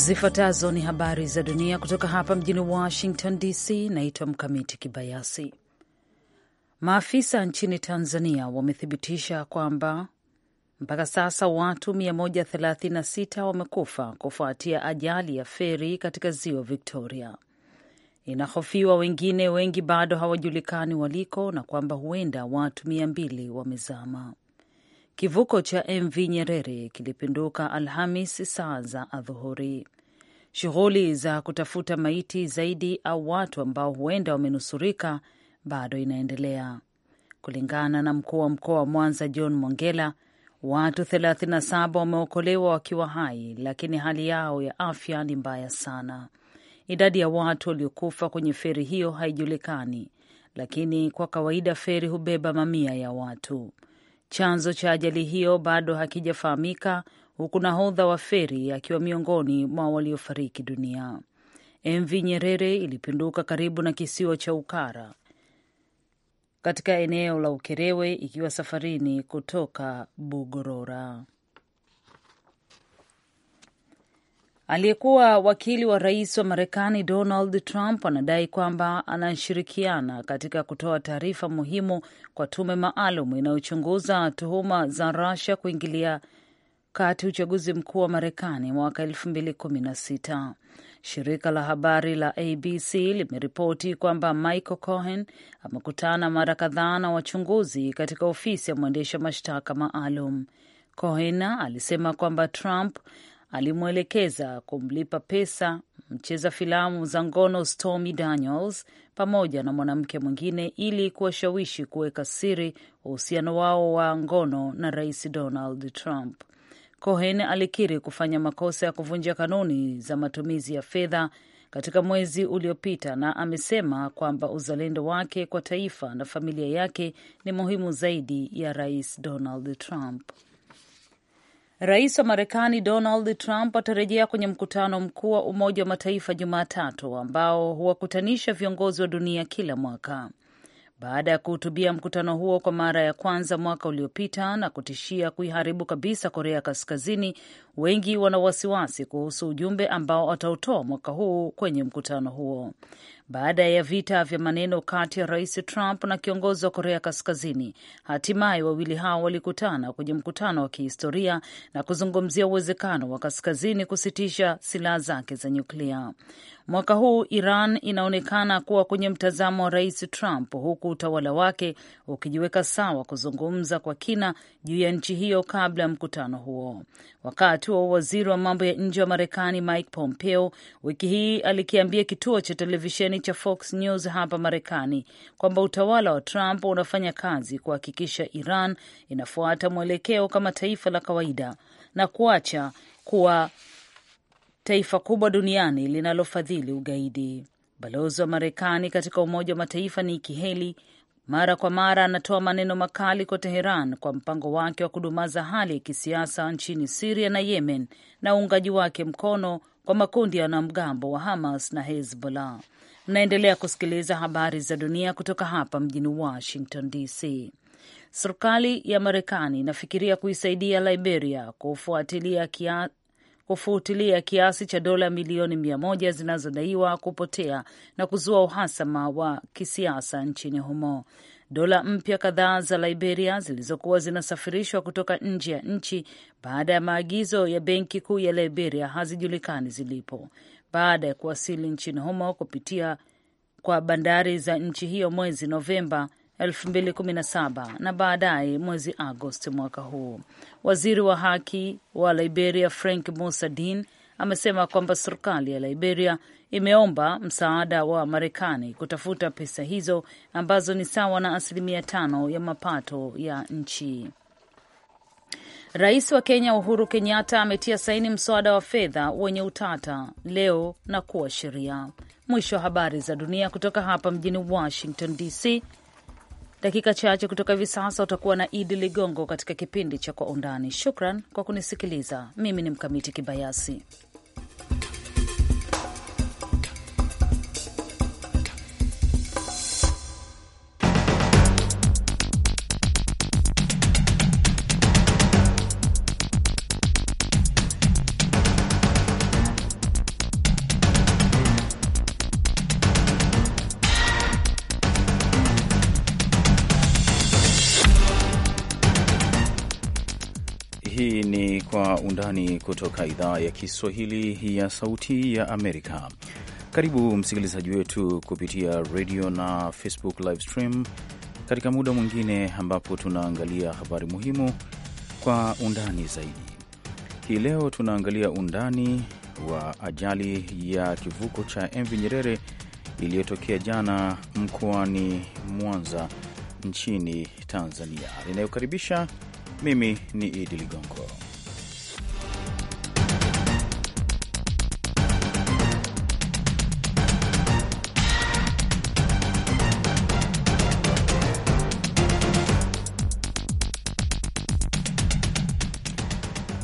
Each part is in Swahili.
Zifuatazo ni habari za dunia kutoka hapa mjini Washington DC. Naitwa Mkamiti Kibayasi. Maafisa nchini Tanzania wamethibitisha kwamba mpaka sasa watu 136 wamekufa kufuatia ajali ya feri katika ziwa Victoria. Inahofiwa wengine wengi bado hawajulikani waliko na kwamba huenda watu 200 wamezama. Kivuko cha MV Nyerere kilipinduka Alhamis saa za adhuhuri. Shughuli za kutafuta maiti zaidi au watu ambao huenda wamenusurika bado inaendelea. Kulingana na mkuu wa mkoa wa Mwanza John Mongela, watu 37 wameokolewa wakiwa hai, lakini hali yao ya afya ni mbaya sana. Idadi ya watu waliokufa kwenye feri hiyo haijulikani, lakini kwa kawaida feri hubeba mamia ya watu. Chanzo cha ajali hiyo bado hakijafahamika, huku nahodha wa feri akiwa miongoni mwa waliofariki dunia. MV Nyerere ilipinduka karibu na kisiwa cha Ukara katika eneo la Ukerewe ikiwa safarini kutoka Bugorora. Aliyekuwa wakili wa rais wa Marekani Donald Trump anadai kwamba anashirikiana katika kutoa taarifa muhimu kwa tume maalum inayochunguza tuhuma za Russia kuingilia kati uchaguzi mkuu wa Marekani mwaka sita. Shirika la habari la ABC limeripoti kwamba Michael Cohen amekutana mara kadhaa na wachunguzi katika ofisi ya mwendesha mashtaka maalum. Cohen alisema kwamba Trump alimwelekeza kumlipa pesa mcheza filamu za ngono Stormy Daniels pamoja na mwanamke mwingine ili kuwashawishi kuweka siri uhusiano wao wa ngono na Rais Donald Trump. Cohen alikiri kufanya makosa ya kuvunja kanuni za matumizi ya fedha katika mwezi uliopita na amesema kwamba uzalendo wake kwa taifa na familia yake ni muhimu zaidi ya Rais Donald Trump. Rais wa Marekani Donald Trump atarejea kwenye mkutano mkuu wa Umoja wa Mataifa Jumatatu ambao huwakutanisha viongozi wa dunia kila mwaka. Baada ya kuhutubia mkutano huo kwa mara ya kwanza mwaka uliopita na kutishia kuiharibu kabisa Korea Kaskazini, wengi wana wasiwasi kuhusu ujumbe ambao atautoa mwaka huu kwenye mkutano huo baada ya vita vya maneno kati ya Rais Trump na kiongozi wa Korea Kaskazini. Hatimaye wawili hao walikutana kwenye mkutano wa kihistoria na kuzungumzia uwezekano wa Kaskazini kusitisha silaha zake za nyuklia. Mwaka huu Iran inaonekana kuwa kwenye mtazamo wa Rais Trump, huku utawala wake ukijiweka sawa kuzungumza kwa kina juu ya nchi hiyo kabla ya mkutano huo. Wakati wa waziri wa mambo ya nje wa Marekani Mike Pompeo wiki hii alikiambia kituo cha televisheni cha Fox News hapa Marekani kwamba utawala wa Trump unafanya kazi kuhakikisha Iran inafuata mwelekeo kama taifa la kawaida na kuacha kuwa taifa kubwa duniani linalofadhili ugaidi. Balozi wa Marekani katika Umoja wa Mataifa Nikki Haley mara kwa mara anatoa maneno makali kwa Teheran kwa mpango wake wa kudumaza hali ya kisiasa nchini Siria na Yemen na uungaji wake mkono kwa makundi ya wanamgambo wa Hamas na Hezbollah. Mnaendelea kusikiliza habari za dunia kutoka hapa mjini Washington DC. Serikali ya Marekani inafikiria kuisaidia Liberia kufuatilia kia kufuatilia kiasi cha dola milioni mia moja zinazodaiwa kupotea na kuzua uhasama wa kisiasa nchini humo. Dola mpya kadhaa za Liberia zilizokuwa zinasafirishwa kutoka nje ya nchi baada ya maagizo ya benki kuu ya Liberia hazijulikani zilipo baada ya kuwasili nchini humo kupitia kwa bandari za nchi hiyo mwezi Novemba 2017 na baadaye mwezi Agosti mwaka huu. Waziri wa haki wa Liberia Frank Musa Din amesema kwamba serikali ya Liberia imeomba msaada wa Marekani kutafuta pesa hizo ambazo ni sawa na asilimia tano ya mapato ya nchi. Rais wa Kenya Uhuru Kenyatta ametia saini mswada wa fedha wenye utata leo na kuwa sheria. Mwisho wa habari za dunia kutoka hapa mjini Washington DC. Dakika chache kutoka hivi sasa utakuwa na Idi Ligongo katika kipindi cha Kwa Undani. Shukran kwa kunisikiliza. Mimi ni Mkamiti Kibayasi. undani kutoka idhaa ya Kiswahili ya Sauti ya Amerika. Karibu msikilizaji wetu kupitia radio na Facebook live stream katika muda mwingine ambapo tunaangalia habari muhimu kwa undani zaidi. Hii leo tunaangalia undani wa ajali ya kivuko cha MV Nyerere iliyotokea jana mkoani Mwanza nchini Tanzania. Ninayokaribisha mimi ni Idi Ligongo.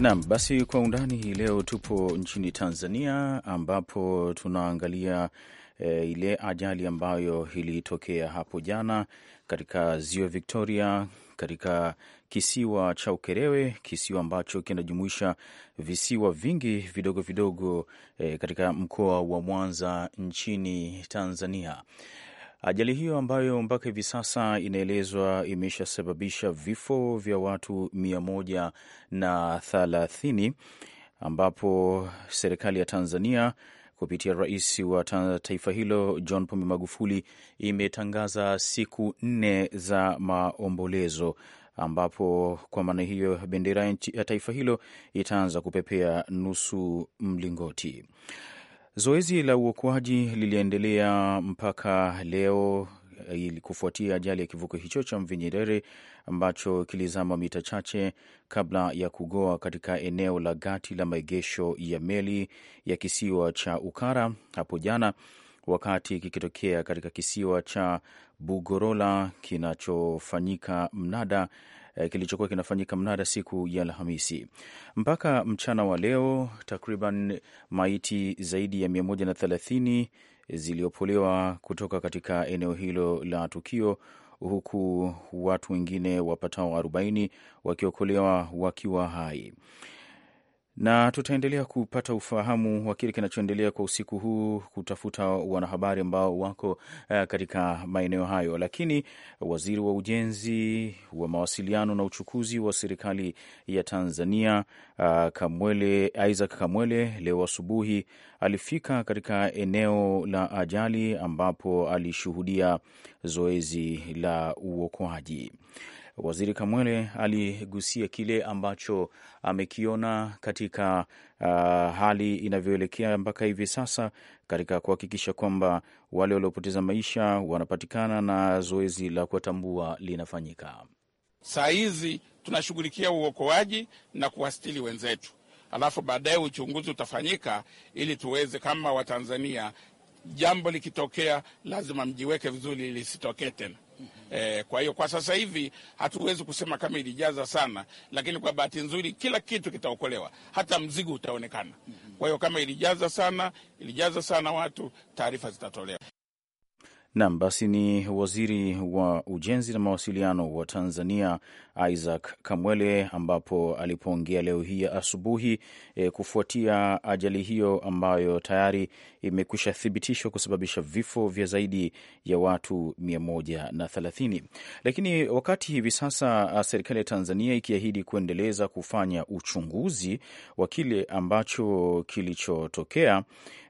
Naam, basi kwa undani hii leo tupo nchini Tanzania ambapo tunaangalia e, ile ajali ambayo ilitokea hapo jana katika Ziwa Victoria katika kisiwa cha Ukerewe, kisiwa ambacho kinajumuisha visiwa vingi vidogo vidogo e, katika mkoa wa Mwanza nchini Tanzania. Ajali hiyo ambayo mpaka hivi sasa inaelezwa imeshasababisha vifo vya watu mia moja na thalathini ambapo serikali ya Tanzania kupitia rais wa taifa hilo John Pombe Magufuli imetangaza siku nne za maombolezo ambapo kwa maana hiyo bendera ya taifa hilo itaanza kupepea nusu mlingoti. Zoezi la uokoaji liliendelea mpaka leo eh, ili kufuatia ajali ya kivuko hicho cha MV Nyerere ambacho kilizama mita chache kabla ya kugoa katika eneo la gati la maegesho ya meli ya kisiwa cha Ukara hapo jana, wakati kikitokea katika kisiwa cha Bugorola kinachofanyika mnada Eh, kilichokuwa kinafanyika mnada siku ya Alhamisi. Mpaka mchana wa leo, takriban maiti zaidi ya 130 ziliopolewa kutoka katika eneo hilo la tukio huku watu wengine wapatao 40 wakiokolewa wakiwa hai na tutaendelea kupata ufahamu wa kile kinachoendelea kwa usiku huu, kutafuta wanahabari ambao wako uh, katika maeneo hayo. Lakini waziri wa ujenzi wa mawasiliano na uchukuzi wa serikali ya Tanzania uh, Kamwele, Isaac Kamwele leo asubuhi alifika katika eneo la ajali ambapo alishuhudia zoezi la uokoaji. Waziri Kamwele aligusia kile ambacho amekiona katika uh, hali inavyoelekea mpaka hivi sasa katika kuhakikisha kwamba wale waliopoteza maisha wanapatikana na zoezi la kuwatambua linafanyika. Saa hizi tunashughulikia uokoaji na kuwastili wenzetu, alafu baadaye uchunguzi utafanyika ili tuweze kama Watanzania jambo likitokea lazima mjiweke vizuri lisitokee tena. E, kwa hiyo kwa sasa hivi hatuwezi kusema kama ilijaza sana, lakini kwa bahati nzuri kila kitu kitaokolewa, hata mzigo utaonekana. Mhm. Kwa hiyo kama ilijaza sana, ilijaza sana watu, taarifa zitatolewa. Nam basi, ni waziri wa ujenzi na mawasiliano wa Tanzania Isaac Kamwele, ambapo alipoongea leo hii asubuhi e, kufuatia ajali hiyo ambayo tayari imekwisha thibitishwa kusababisha vifo vya zaidi ya watu 130. Lakini wakati hivi sasa uh, serikali ya Tanzania ikiahidi kuendeleza kufanya uchunguzi wa kile ambacho kilichotokea,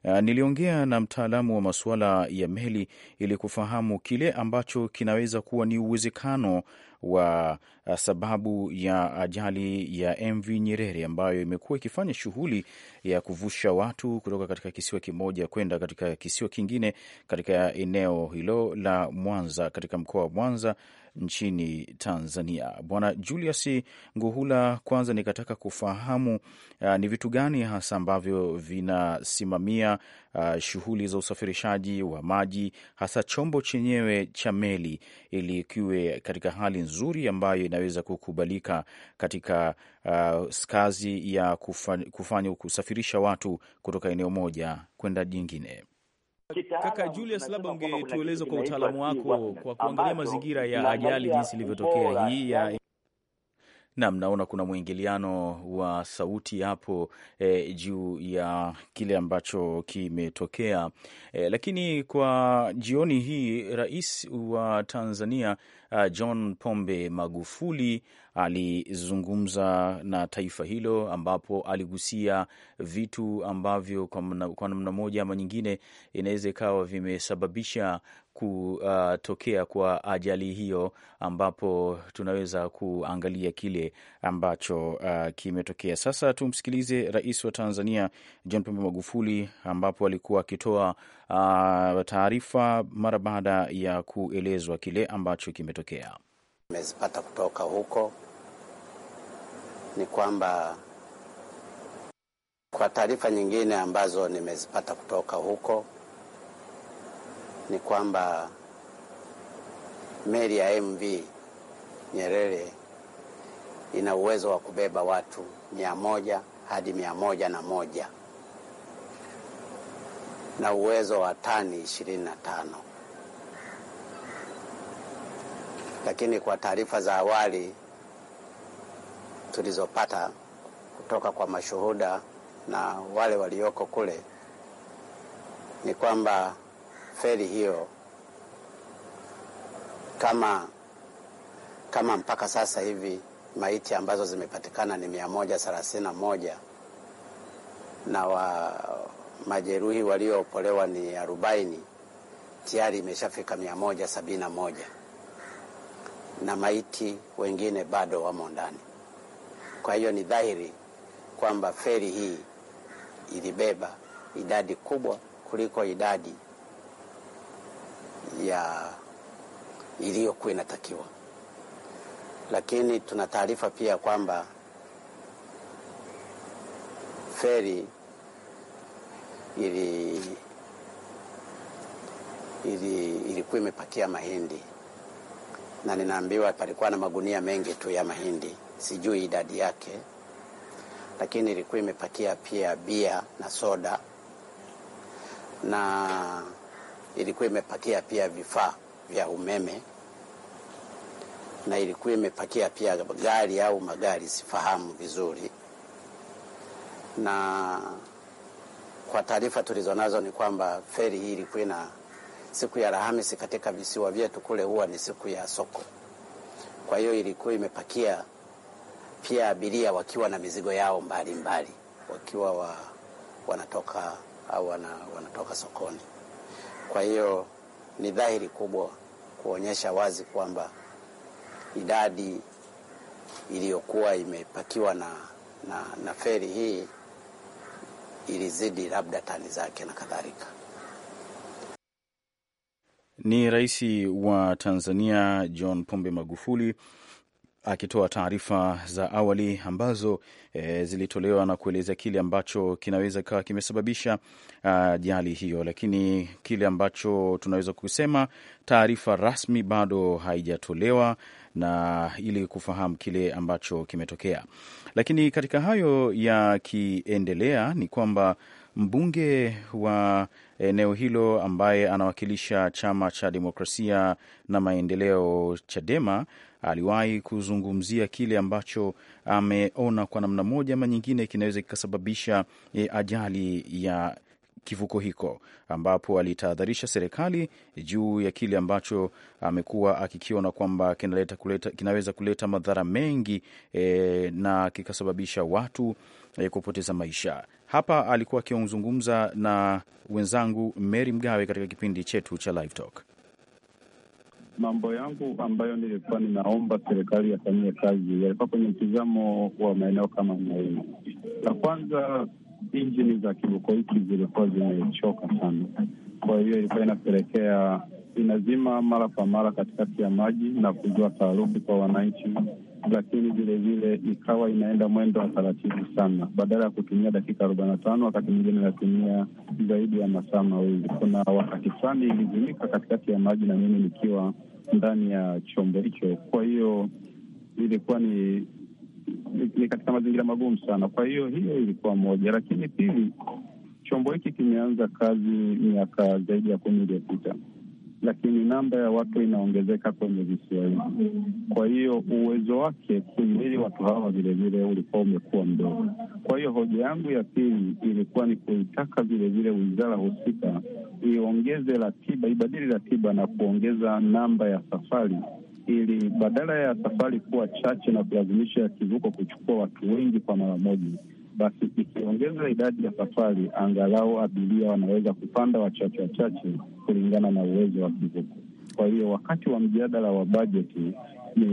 uh, niliongea na mtaalamu wa masuala ya meli ili kufahamu kile ambacho kinaweza kuwa ni uwezekano wa Uh, sababu ya ajali ya MV Nyerere ambayo imekuwa ikifanya shughuli ya kuvusha watu kutoka katika kisiwa kimoja kwenda katika kisiwa kingine katika eneo hilo la Mwanza katika mkoa wa Mwanza nchini Tanzania. Bwana Julius Nguhula, kwanza nikataka kufahamu uh, ni vitu gani hasa ambavyo vinasimamia uh, shughuli za usafirishaji wa maji hasa chombo chenyewe cha meli ili kiwe katika hali nzuri ambayo ina inaweza kukubalika katika uh, kazi ya kufanya kusafirisha watu kutoka eneo moja kwenda jingine. Kaka Julius, labda ungetueleza kwa utaalamu wako, kwa kuangalia mazingira ya ajali jinsi ilivyotokea hii ya Nam, naona kuna mwingiliano wa sauti hapo e, juu ya kile ambacho kimetokea e, lakini kwa jioni hii rais wa Tanzania uh, John Pombe Magufuli alizungumza na taifa hilo ambapo aligusia vitu ambavyo kwa namna moja ama nyingine inaweza ikawa vimesababisha kutokea kwa ajali hiyo, ambapo tunaweza kuangalia kile ambacho uh, kimetokea. Sasa tumsikilize Rais wa Tanzania John Pombe Magufuli, ambapo alikuwa akitoa uh, taarifa mara baada ya kuelezwa kile ambacho kimetokea. Nimezipata kutoka huko ni kwamba kwa taarifa nyingine ambazo nimezipata kutoka huko ni kwamba meli ya MV Nyerere ina uwezo wa kubeba watu mia moja hadi mia moja na moja na uwezo wa tani ishirini na tano lakini kwa taarifa za awali tulizopata kutoka kwa mashuhuda na wale walioko kule ni kwamba feri hiyo kama kama mpaka sasa hivi maiti ambazo zimepatikana ni mia moja thelathini na moja na wa majeruhi waliopolewa ni arobaini tayari imeshafika mia moja sabini na moja na maiti wengine bado wamo ndani. Kwa hiyo ni dhahiri kwamba feri hii ilibeba idadi kubwa kuliko idadi ya iliyokuwa inatakiwa, lakini tuna taarifa pia kwamba feri ili ili ilikuwa imepakia mahindi na ninaambiwa palikuwa na magunia mengi tu ya mahindi, sijui idadi yake, lakini ilikuwa imepakia pia bia na soda na ilikuwa imepakia pia vifaa vya umeme na ilikuwa imepakia pia gari au magari, sifahamu vizuri. Na kwa taarifa tulizonazo ni kwamba feri hii ilikuwa na siku ya Alhamisi katika visiwa vyetu kule huwa ni siku ya soko, kwa hiyo ilikuwa imepakia pia abiria wakiwa na mizigo yao mbalimbali mbali, wakiwa wa, wanatoka au wana, wanatoka sokoni. Kwa hiyo ni dhahiri kubwa kuonyesha wazi kwamba idadi iliyokuwa imepakiwa na, na, na feri hii ilizidi labda tani zake na kadhalika. Ni Rais wa Tanzania John Pombe Magufuli akitoa taarifa za awali ambazo e, zilitolewa na kueleza kile ambacho kinaweza kikawa kimesababisha ajali hiyo, lakini kile ambacho tunaweza kusema taarifa rasmi bado haijatolewa na ili kufahamu kile ambacho kimetokea. Lakini katika hayo yakiendelea, ni kwamba mbunge wa eneo hilo ambaye anawakilisha chama cha demokrasia na maendeleo Chadema aliwahi kuzungumzia kile ambacho ameona kwa namna moja ama nyingine kinaweza kikasababisha e, ajali ya kivuko hiko ambapo alitahadharisha serikali juu ya kile ambacho amekuwa akikiona kwamba kinaleta kuleta, kinaweza kuleta madhara mengi e, na kikasababisha watu e, kupoteza maisha. Hapa alikuwa akizungumza na wenzangu Mary Mgawe katika kipindi chetu cha Live Talk mambo yangu ambayo nilikuwa ninaomba serikali yafanyie kazi yalikuwa kwenye mtizamo wa maeneo kama mawili. La kwanza, injini za kivuko hiki zilikuwa zimechoka sana, kwa hiyo ilikuwa inapelekea inazima mara kwa mara katikati ya maji na kuzua taharuki kwa wananchi, lakini vilevile ikawa inaenda mwendo wa taratibu sana. Badala ya kutumia dakika arobaini na tano wakati mwingine inatumia zaidi ya masaa mawili. Kuna wakati fulani ilizimika katikati ya maji na mimi nikiwa ndani ya chombo hicho. Kwa hiyo ilikuwa ni, ni katika mazingira magumu sana. Kwa hiyo hiyo ilikuwa moja, lakini pili, chombo hiki kimeanza kazi miaka zaidi ya kumi iliyopita lakini namba ya watu inaongezeka kwenye visiwa hivi. Kwa hiyo uwezo wake kuhimili watu hawa vilevile ulikuwa umekuwa mdogo. Kwa hiyo hoja yangu ya pili ilikuwa ni kuitaka vilevile wizara husika iongeze ratiba, ibadili ratiba na kuongeza namba ya safari ili badala ya safari kuwa chache na kulazimisha kivuko kuchukua watu wengi kwa mara moja, basi ikiongeza idadi ya safari, angalau abiria wanaweza kupanda wachache wachache kulingana na uwezo wa kivuko. Kwa hiyo wakati wa mjadala wa bajeti ni,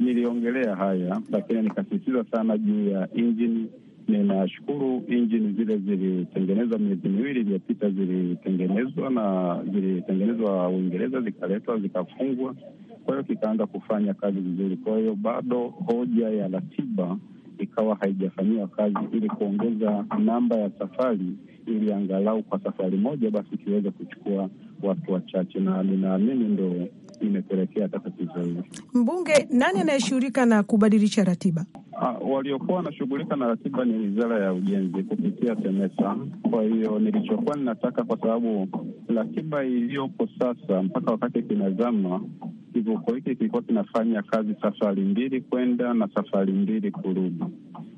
niliongelea haya lakini nikasisitiza sana juu ya injini. Ninashukuru injini zile zilitengenezwa miezi miwili iliyopita, zilitengenezwa na zilitengenezwa Uingereza, zikaletwa zikafungwa, kwa hiyo kikaanza kufanya kazi vizuri. Kwa hiyo bado hoja ya ratiba ikawa haijafanyiwa kazi ili kuongeza namba ya safari ili angalau kwa safari moja basi ikiweza kuchukua watu wachache, na ninaamini ndo imepelekea hata tatizo hili. Mbunge, nani anayeshughulika na kubadilisha ratiba? Ah, waliokuwa wanashughulika na ratiba ni wizara ya ujenzi kupitia TEMESA. Kwa hiyo nilichokuwa ninataka, kwa sababu ratiba iliyopo sasa mpaka wakati kinazama kivuko hiki kilikuwa kinafanya kazi safari mbili kwenda na safari mbili kurudi.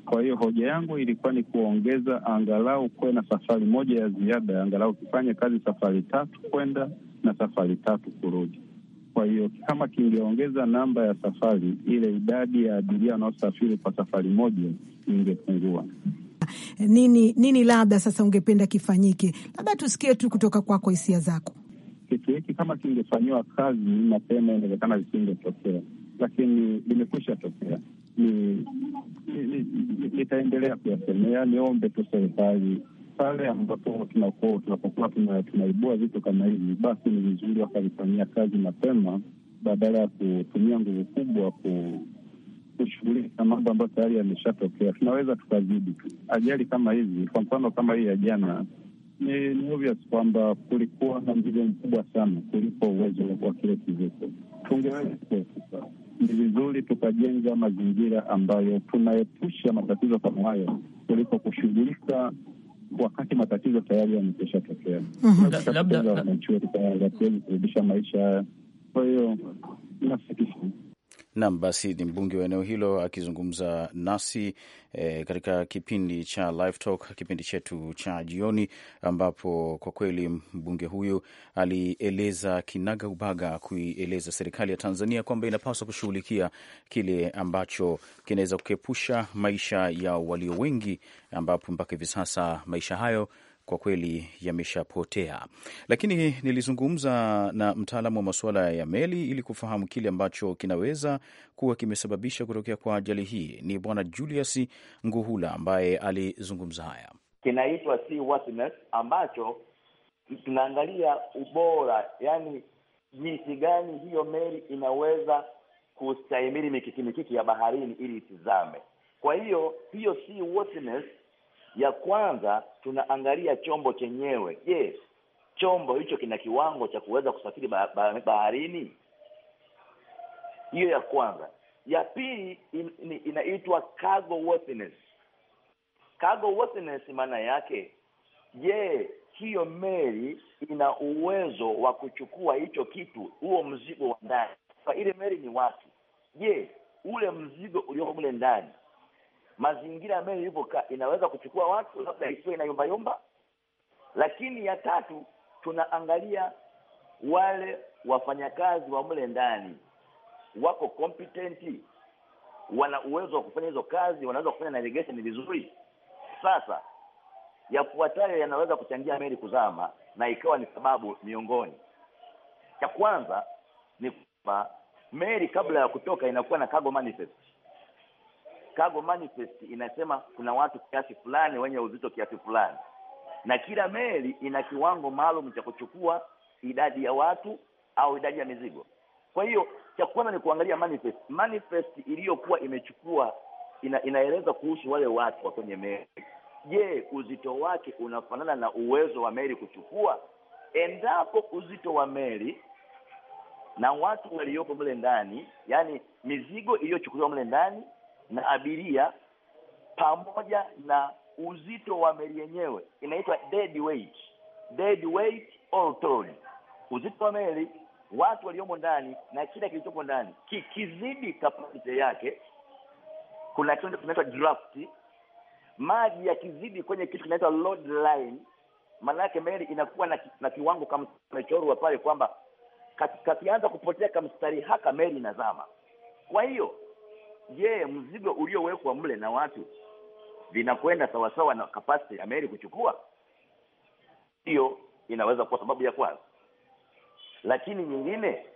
Kwa hiyo hoja yangu ilikuwa ni kuongeza angalau kuwe na safari moja ya ziada, angalau kifanye kazi safari tatu kwenda na safari tatu kurudi. Kwa hiyo kama kingeongeza namba ya safari ile, idadi ya abiria wanaosafiri kwa safari moja ingepungua. Nini nini labda sasa ungependa kifanyike? Labda tusikie tu kutoka kwako hisia zako kitu hiki kama kingefanyiwa kazi mapema, inawezekana visingetokea, lakini limekwisha tokea. Nitaendelea kuyasemea. Niombe tu serikali pale ambapo tunakuwa tunapokuwa tunaibua vitu kama hivi, basi ni vizuri wakavifanyia kazi mapema, badala ya kutumia nguvu kubwa ku kushughulika mambo ambayo tayari yameshatokea. Tunaweza tukazidi ajali kama hizi, kwa mfano kama hii ya jana ni, ni obvious kwamba kulikuwa na mzigo mkubwa sana kuliko uwezo wa kile kivuko. Tungeweza ni vizuri tukajenga mazingira ambayo tunaepusha matatizo kama hayo kuliko kushughulika wakati matatizo tayari yamekesha tokea. Mhm. wananchi wetu tayari hatuwezi kurudisha maisha, haya kwa hiyo nafikiri Nam basi ni mbunge wa eneo hilo akizungumza nasi e, katika kipindi cha Live Talk, kipindi chetu cha jioni, ambapo kwa kweli mbunge huyu alieleza kinaga ubaga kuieleza serikali ya Tanzania kwamba inapaswa kushughulikia kile ambacho kinaweza kuepusha maisha ya walio wengi, ambapo mpaka hivi sasa maisha hayo kwa kweli yameshapotea. Lakini nilizungumza na mtaalamu wa masuala ya meli ili kufahamu kile ambacho kinaweza kuwa kimesababisha kutokea kwa ajali hii. Ni Bwana Julius Nguhula ambaye alizungumza haya. Kinaitwa seaworthiness, ambacho tunaangalia ubora, yani jinsi gani hiyo meli inaweza kustahimili mikikimikiki ya baharini ili itizame Kwa hiyo hiyo seaworthiness ya kwanza tunaangalia chombo chenyewe. Je, yes, chombo hicho kina kiwango cha kuweza kusafiri baharini? Hiyo ya kwanza. Ya pili in, in, inaitwa cargo worthiness. Cargo worthiness maana yake je, hiyo meli ina uwezo wa kuchukua hicho kitu, huo mzigo wa ndani? Kwa ile meli ni watu, je, ule mzigo ulioko mle ndani mazingira ambayo ilivyokaa inaweza kuchukua watu, labda isiwe na yumba yumba. Lakini ya tatu, tunaangalia wale wafanyakazi wa mle ndani wako competent, wana uwezo wa kufanya hizo kazi, wanaweza kufanya navigation vizuri. Sasa yafuatayo yanaweza kuchangia meli kuzama na ikawa ni sababu miongoni. Cha kwanza ni kwamba meli kabla ya kutoka inakuwa na cargo manifest Chicago Manifest inasema kuna watu kiasi fulani wenye uzito kiasi fulani, na kila meli ina kiwango maalum cha kuchukua idadi ya watu au idadi ya mizigo. Kwa hiyo cha kwanza ni kuangalia manifest. Manifest iliyokuwa imechukua ina, inaeleza kuhusu wale watu wa kwenye meli. Je, uzito wake unafanana na uwezo wa meli kuchukua? Endapo uzito wa meli na watu waliopo mle ndani, yani mizigo iliyochukuliwa mle ndani na abiria pamoja na uzito wa meli yenyewe, inaitwa dead weight, dead weight or toll. uzito wa meli, watu waliomo ndani na kila kilichopo ndani, kikizidi kapasiti yake, kuna kitu kinaitwa draft. Maji yakizidi kwenye kitu kinaitwa load line, maana yake meli inakuwa na, na kiwango kama kimechorwa pale kwamba kakianza kupotea kamstari haka meli inazama. Kwa hiyo je, mzigo uliowekwa mle na watu vinakwenda sawasawa na kapasiti ya meli kuchukua? Hiyo inaweza kuwa sababu ya kwanza, lakini nyingine,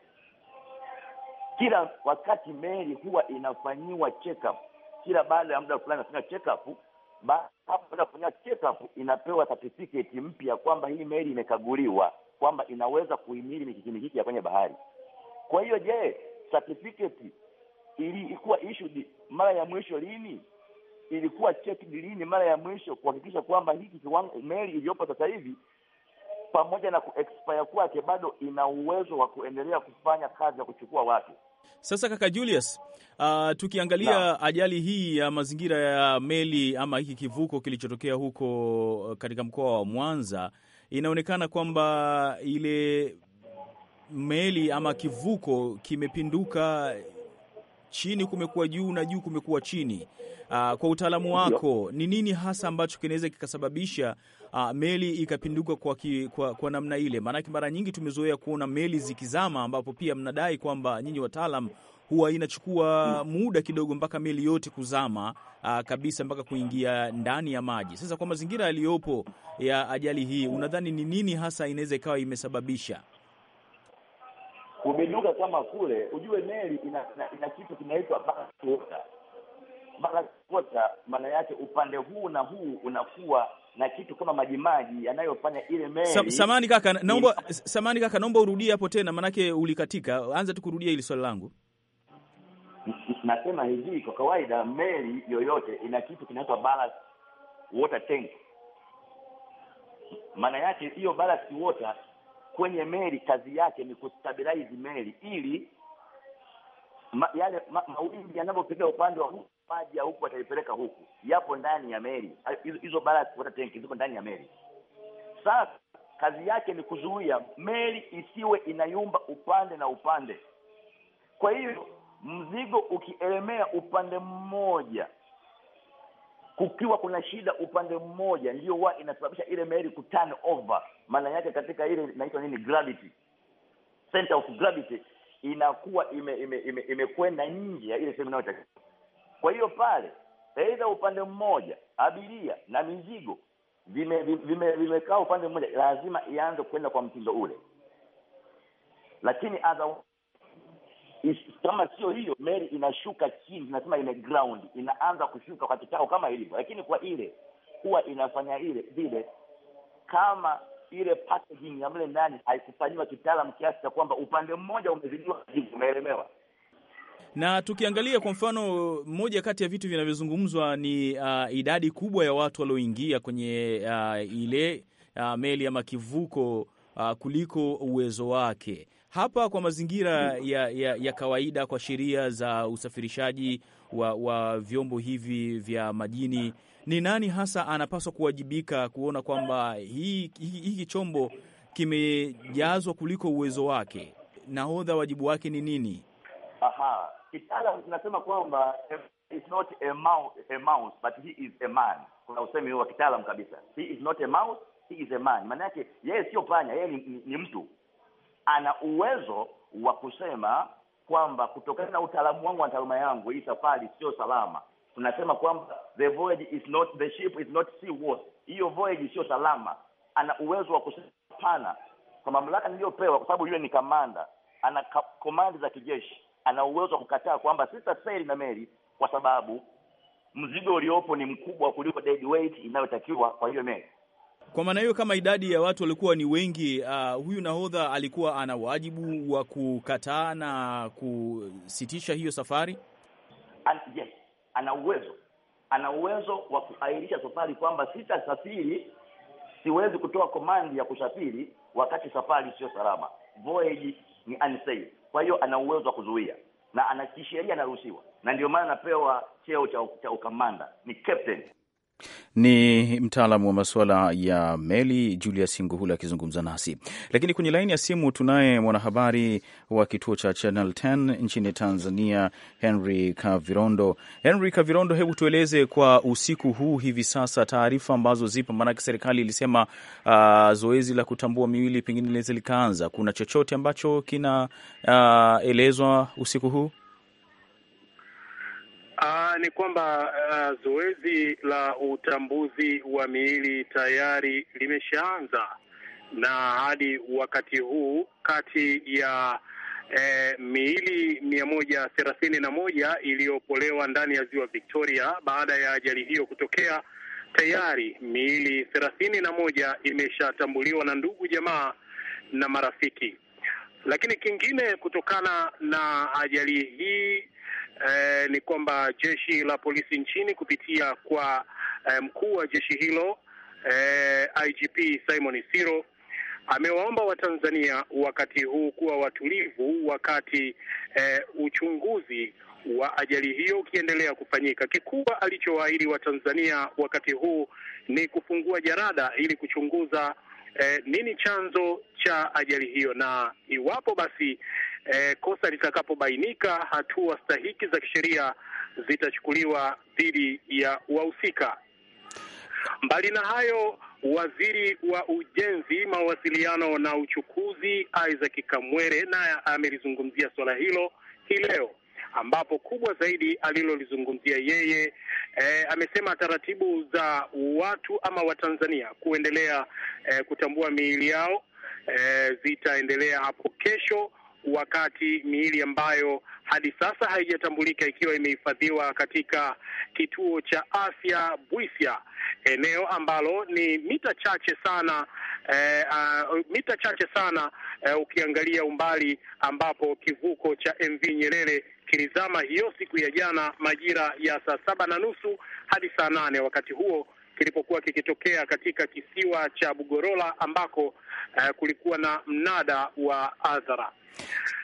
kila wakati meli huwa inafanyiwa check up kila baada ya muda fulani, inafanya check up baada ya kufanya check up inapewa certificate mpya kwamba hii meli imekaguliwa kwamba inaweza kuhimili mikiki ya kwenye bahari. Kwa hiyo je, certificate ilikuwa issued mara ya mwisho lini? Ilikuwa checked lini mara ya mwisho kuhakikisha kwamba hiki kiwango meli iliyopo sasa hivi pamoja na kuexpire kwake bado ina uwezo wa kuendelea kufanya kazi ya kuchukua watu. Sasa kaka Julius, uh, tukiangalia na ajali hii ya mazingira ya meli ama hiki kivuko kilichotokea huko uh, katika mkoa wa Mwanza, inaonekana kwamba ile meli ama kivuko kimepinduka chini kumekuwa juu na juu kumekuwa chini. Aa, ah, kwa utaalamu wako ni nini hasa ambacho kinaweza kikasababisha aa, ah, meli ikapinduka kwa, ki, kwa, kwa namna ile? Maanake mara nyingi tumezoea kuona meli zikizama, ambapo pia mnadai kwamba nyinyi wataalam huwa inachukua hmm. muda kidogo mpaka meli yote kuzama aa, ah, kabisa mpaka kuingia ndani ya maji. Sasa kwa mazingira yaliyopo ya ajali hii, unadhani ni nini hasa inaweza ikawa imesababisha umeduka kama kule, ujue meli ina, ina, ina kitu kinaitwa backwater. maana yake upande huu na huu unakuwa na kitu kama majimaji yanayofanya ile meli Sa, samani kaka, naomba samani kaka, naomba urudie hapo tena, maanake ulikatika. Anza tu kurudia hili swali langu. Nasema hivi, kwa kawaida meli yoyote ina kitu kinaitwa ballast water tank. Maana yake hiyo ballast water kwenye meli kazi yake ni kustabilize meli ili ma, yale ma, mawimbi yanavyopiga upande wa huku maji ya huku ataipeleka huku, yapo ndani ya meli hizo, ballast tank ziko ndani ya meli. Sasa kazi yake ni kuzuia meli isiwe inayumba upande na upande. Kwa hiyo mzigo ukielemea upande mmoja kukiwa kuna shida upande mmoja ndio wa inasababisha ile meli ku turn over, maana yake katika ile inaitwa nini, gravity center of gravity inakuwa imekwenda ime, ime, ime nje ya ile sehemu inayotakiwa. Kwa hiyo pale aidha upande mmoja abiria na mizigo vimekaa vime, vime upande mmoja, lazima ianze kwenda kwa mtindo ule, lakini otherwise kama sio hiyo, meli inashuka chini, inasema ime ground, inaanza kushuka kwa kitao kama ilivyo, lakini kwa ile huwa inafanya ile vile kama ile packaging ya mle ndani haikufanyiwa kitaalamu kiasi cha kwamba upande mmoja umezidiwa, umeelemewa na tukiangalia kwa mfano, moja kati ya vitu vinavyozungumzwa ni uh, idadi kubwa ya watu walioingia kwenye uh, ile uh, meli ama kivuko uh, kuliko uwezo wake hapa kwa mazingira ya, ya, ya kawaida kwa sheria za usafirishaji wa, wa vyombo hivi vya majini, ni nani hasa anapaswa kuwajibika kuona kwamba hiki hi, hi, chombo kimejazwa kuliko uwezo wake? Nahodha wajibu wake ni nini? Aha, tunasema kwamba it's not a mouse, a mouse but he is a man. Kuna usemi wa kitaalam kabisa, he is not a mouse, he is a man, maana yake yeye sio panya, yeye ni, ni, ni mtu ana uwezo wa kusema kwamba kutokana na utaalamu wangu na taaluma yangu, hii safari sio salama. Tunasema kwamba the voyage is not, the ship is not seaworthy, hiyo voyage sio salama. Ana uwezo wa kusema hapana, kwa mamlaka niliyopewa, kwa sababu yule ni kamanda, ana komandi za kijeshi, ana uwezo wa kukataa kwamba sitasafiri na meli kwa sababu mzigo uliopo ni mkubwa kuliko dead weight inayotakiwa kwa hiyo meli. Kwa maana hiyo, kama idadi ya watu walikuwa ni wengi, uh, huyu nahodha alikuwa ana wajibu wa kukataa na kusitisha hiyo safari. An, yes, ana uwezo ana uwezo wa kuahirisha safari kwamba sitasafiri, siwezi kutoa komandi ya kusafiri wakati safari sio salama, voyage ni unsafe. Kwa hiyo ana uwezo wa kuzuia na ana kisheria anaruhusiwa, na ndio maana anapewa cheo cha ukamanda, ni captain. Ni mtaalamu wa masuala ya meli Julius Nguhula akizungumza nasi. Lakini kwenye laini ya simu tunaye mwanahabari wa kituo cha Channel 10 nchini Tanzania, Henry Kavirondo. Henry Kavirondo, hebu tueleze kwa usiku huu hivi sasa taarifa ambazo zipo, maanake serikali ilisema uh, zoezi la kutambua miili pengine linaweza likaanza. Kuna chochote ambacho kinaelezwa uh, usiku huu? Aa, ah, ni kwamba uh, zoezi la utambuzi wa miili tayari limeshaanza na hadi wakati huu kati ya eh, miili mia moja thelathini na moja iliyopolewa ndani ya ziwa Victoria baada ya ajali hiyo kutokea, tayari miili thelathini na moja imeshatambuliwa na ndugu jamaa na marafiki. Lakini kingine kutokana na ajali hii eh, ni kwamba jeshi la polisi nchini kupitia kwa eh, mkuu wa jeshi hilo eh, IGP Simon Isiro amewaomba Watanzania wakati huu kuwa watulivu wakati eh, uchunguzi wa ajali hiyo ukiendelea kufanyika. Kikubwa alichowaahidi Watanzania wakati huu ni kufungua jarada ili kuchunguza eh, nini chanzo cha ajali hiyo, na iwapo basi eh, kosa litakapobainika, hatua stahiki za kisheria zitachukuliwa dhidi ya wahusika. Mbali na hayo, waziri wa ujenzi, mawasiliano na uchukuzi Isaac Kamwere naye amelizungumzia suala hilo hii leo, ambapo kubwa zaidi alilolizungumzia yeye e, amesema taratibu za watu ama Watanzania kuendelea e, kutambua miili yao e, zitaendelea hapo kesho wakati miili ambayo hadi sasa haijatambulika ikiwa imehifadhiwa katika kituo cha afya Bwisia, eneo ambalo ni mita chache sana eh, uh, mita chache sana eh, ukiangalia umbali ambapo kivuko cha MV Nyerere kilizama hiyo siku ya jana majira ya saa saba na nusu hadi saa nane wakati huo kilipokuwa kikitokea katika kisiwa cha Bugorola ambako eh, kulikuwa na mnada wa adhara.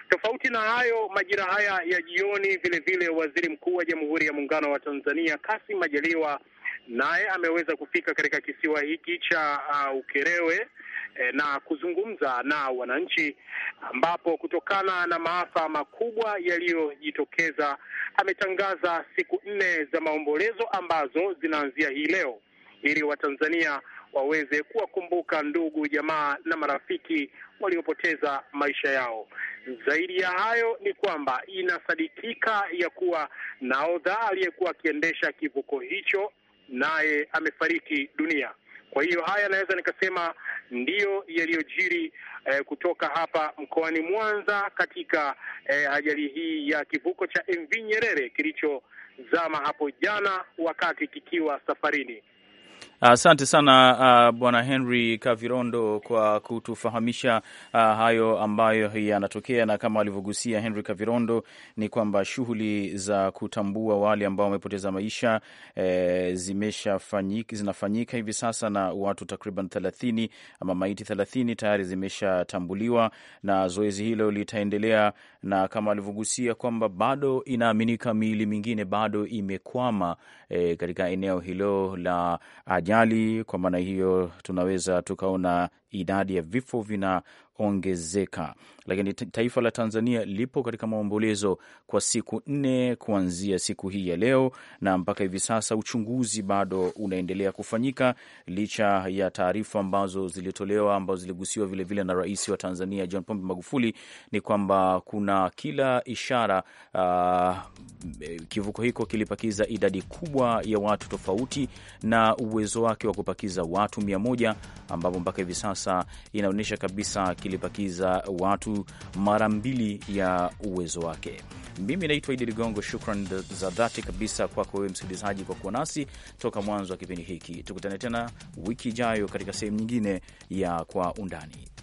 Tofauti na hayo, majira haya ya jioni, vile vile waziri mkuu wa Jamhuri ya Muungano wa Tanzania Kassim Majaliwa naye ameweza kufika katika kisiwa hiki cha uh, Ukerewe eh, na kuzungumza na wananchi, ambapo kutokana na maafa makubwa yaliyojitokeza ametangaza siku nne za maombolezo ambazo zinaanzia hii leo ili Watanzania waweze kuwakumbuka ndugu jamaa na marafiki waliopoteza maisha yao. Zaidi ya hayo ni kwamba inasadikika ya kuwa naodha aliyekuwa akiendesha kivuko hicho naye amefariki dunia. Kwa hiyo haya naweza nikasema ndiyo yaliyojiri eh, kutoka hapa mkoani Mwanza katika eh, ajali hii ya kivuko cha MV Nyerere kilichozama hapo jana wakati kikiwa safarini. Asante sana uh, Bwana Henry Kavirondo kwa kutufahamisha uh, hayo ambayo yanatokea, na kama alivyogusia Henry Kavirondo ni kwamba shughuli za kutambua wale ambao wamepoteza maisha eh, zimeshafanyika, zinafanyika hivi sasa, na watu takriban thelathini ama maiti thelathini tayari zimeshatambuliwa, na zoezi hilo litaendelea, na kama alivyogusia kwamba bado inaaminika miili mingine bado imekwama eh, katika eneo hilo la aja ajali. Kwa maana hiyo tunaweza tukaona idadi ya vifo vinaongezeka, lakini taifa la Tanzania lipo katika maombolezo kwa siku nne kuanzia siku hii ya leo, na mpaka hivi sasa uchunguzi bado unaendelea kufanyika licha ya taarifa ambazo zilitolewa ambazo ziligusiwa vilevile na Rais wa Tanzania John Pombe Magufuli, ni kwamba kuna kila ishara uh, kivuko hiko kilipakiza idadi kubwa ya watu tofauti na uwezo wake wa kupakiza watu mia moja ambapo mpaka hivi sasa sasa inaonyesha kabisa kilipakiza watu mara mbili ya uwezo wake. Mimi naitwa Idi Ligongo, shukran za dhati kabisa kwako wewe msikilizaji kwa kuwa nasi toka mwanzo wa kipindi hiki. Tukutane tena wiki ijayo katika sehemu nyingine ya Kwa Undani.